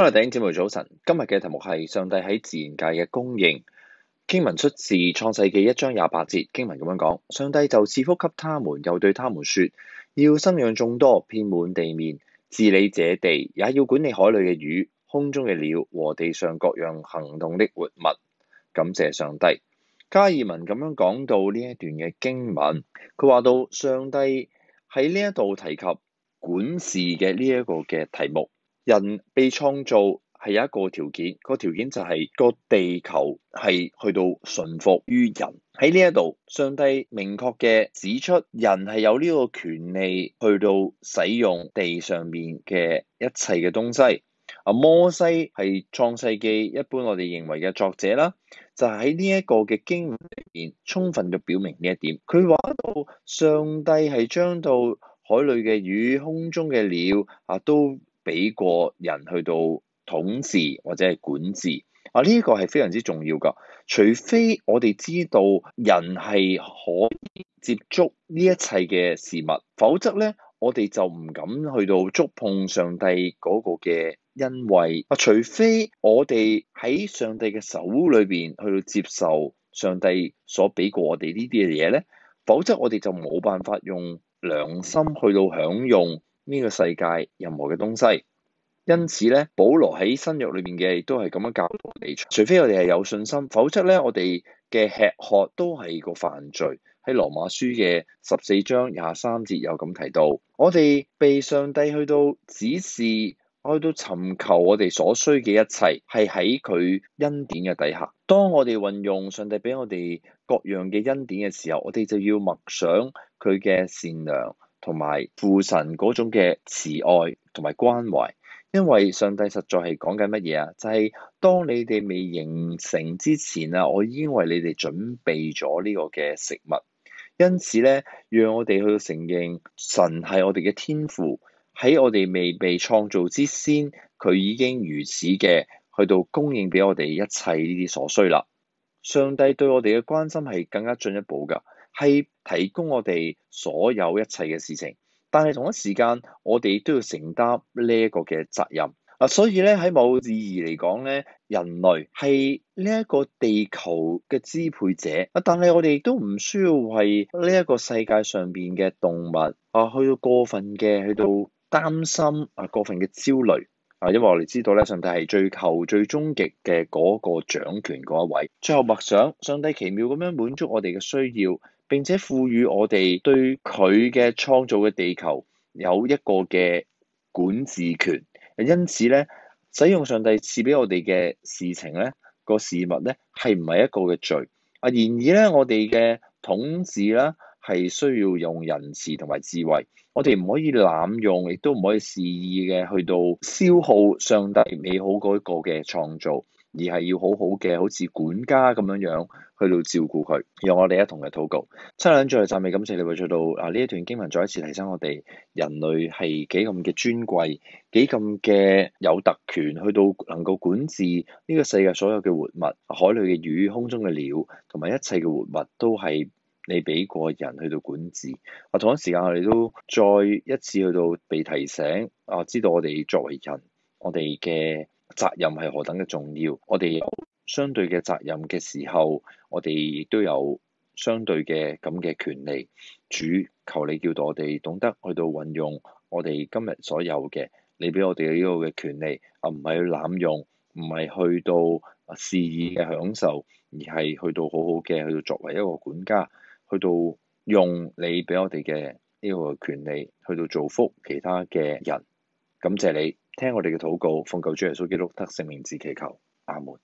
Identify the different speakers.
Speaker 1: 今日《頂音》節目早晨，今日嘅題目係上帝喺自然界嘅供應。經文出自《創世記》一章廿八節，經文咁樣講：上帝就賜福給他們，又對他們說：要生養眾多，遍滿地面，治理這地，也要管理海裏嘅魚、空中嘅鳥和地上各樣行動的活物。感謝上帝。加爾文咁樣講到呢一段嘅經文，佢話到上帝喺呢一度提及管事嘅呢一個嘅題目。人被創造係有一個條件，個條件就係個地球係去到順服於人。喺呢一度，上帝明確嘅指出，人係有呢個權利去到使用地上面嘅一切嘅東西。啊，摩西係創世記一般我哋認為嘅作者啦，就喺呢一個嘅經文裏邊充分嘅表明呢一點。佢話到上帝係將到海裡嘅魚、空中嘅鳥啊都，俾過人去到統治或者係管治啊，呢一個係非常之重要噶。除非我哋知道人係可以接觸呢一切嘅事物，否則咧，我哋就唔敢去到觸碰上帝嗰個嘅恩惠，因為啊，除非我哋喺上帝嘅手裏邊去到接受上帝所俾過我哋呢啲嘅嘢咧，否則我哋就冇辦法用良心去到享用。呢個世界任何嘅東西，因此咧，保羅喺新約裏面嘅都係咁樣教導你除。除非我哋係有信心，否則咧，我哋嘅吃喝都係個犯罪。喺羅馬書嘅十四章廿三節有咁提到，我哋被上帝去到指示，去到尋求我哋所需嘅一切，係喺佢恩典嘅底下。當我哋運用上帝俾我哋各樣嘅恩典嘅時候，我哋就要默想佢嘅善良。同埋父神嗰種嘅慈愛同埋關懷，因為上帝實在係講緊乜嘢啊？就係當你哋未形成之前啊，我已經為你哋準備咗呢個嘅食物。因此咧，讓我哋去到承認神係我哋嘅天父，喺我哋未被創造之先，佢已經如此嘅去到供應俾我哋一切呢啲所需啦。上帝對我哋嘅關心係更加進一步㗎。係提供我哋所有一切嘅事情，但係同一時間我哋都要承擔呢一個嘅責任。啊，所以咧，喺某意義嚟講咧，人類係呢一個地球嘅支配者。啊，但係我哋亦都唔需要為呢一個世界上邊嘅動物啊，去到過分嘅，去到擔心啊，過分嘅焦慮。啊，因為我哋知道咧，上帝係最求最終極嘅嗰個掌權嗰一位。最後默想，上帝奇妙咁樣滿足我哋嘅需要。並且賦予我哋對佢嘅創造嘅地球有一個嘅管治權，因此咧，使用上帝賜俾我哋嘅事情咧，個事物咧，係唔係一個嘅罪？啊，然而咧，我哋嘅統治啦，係需要用仁慈同埋智慧，我哋唔可以濫用，亦都唔可以肆意嘅去到消耗上帝美好嗰個嘅創造。而係要好好嘅，好似管家咁樣樣去到照顧佢。讓我哋一同嚟禱告。親兩再嚟暫未感謝你，我做到啊呢一段經文，再一次提醒我哋人類係幾咁嘅尊貴，幾咁嘅有特權，去到能夠管治呢個世界所有嘅活物、海裡嘅魚、空中嘅鳥，同埋一切嘅活物都係你畀過人去到管治。啊同一時間，我哋都再一次去到被提醒啊，知道我哋作為人，我哋嘅。責任係何等嘅重要，我哋有相對嘅責任嘅時候，我哋都有相對嘅咁嘅權利。主求你叫到我哋懂得去到運用我哋今日所有嘅你俾我哋呢個嘅權利，啊唔係去濫用，唔係去到肆意嘅享受，而係去到好好嘅去到作為一個管家，去到用你俾我哋嘅呢個權利去到造福其他嘅人，感謝你。聽我哋嘅禱告，奉救主耶穌基督得勝名字祈求，阿門。